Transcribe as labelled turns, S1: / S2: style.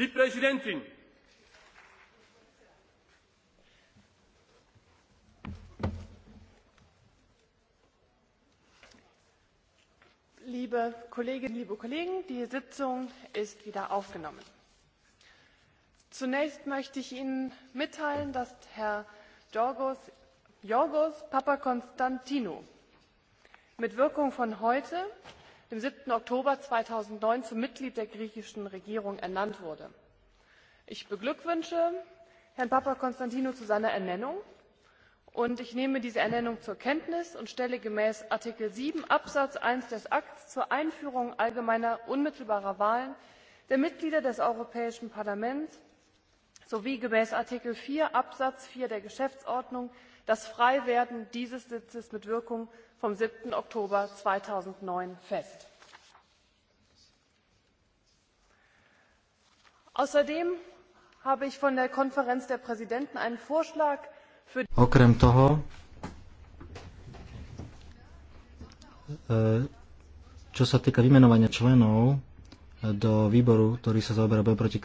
S1: Die Präsidentin! Liebe Kolleginnen, liebe Kollegen, die Sitzung ist wieder aufgenommen. Zunächst möchte ich Ihnen mitteilen, dass Herr Jorgos, Jorgos Papakonstantinou mit Wirkung von heute dem. sieben oktober zweitausendneun zum mitglied der griechischen regierung ernannt wurde. ich beglückwünsche herrn papakonstantinou zu seiner ernennung und ich nehme diese ernennung zur kenntnis und stelle gemäß artikel sieben absatz eins des akts zur einführung allgemeiner unmittelbarer wahlen der mitglieder des europäischen parlaments sowie gemäß Artikel 4 Absatz 4 der Geschäftsordnung das Freiwerden dieses Sitzes mit Wirkung vom 7. Oktober 2009 fest. Außerdem habe ich von der Konferenz der Präsidenten einen Vorschlag für Okrem toho e, čo sa týka vymenovania členov e, do výboru, ktorý sa zaoberá boj proti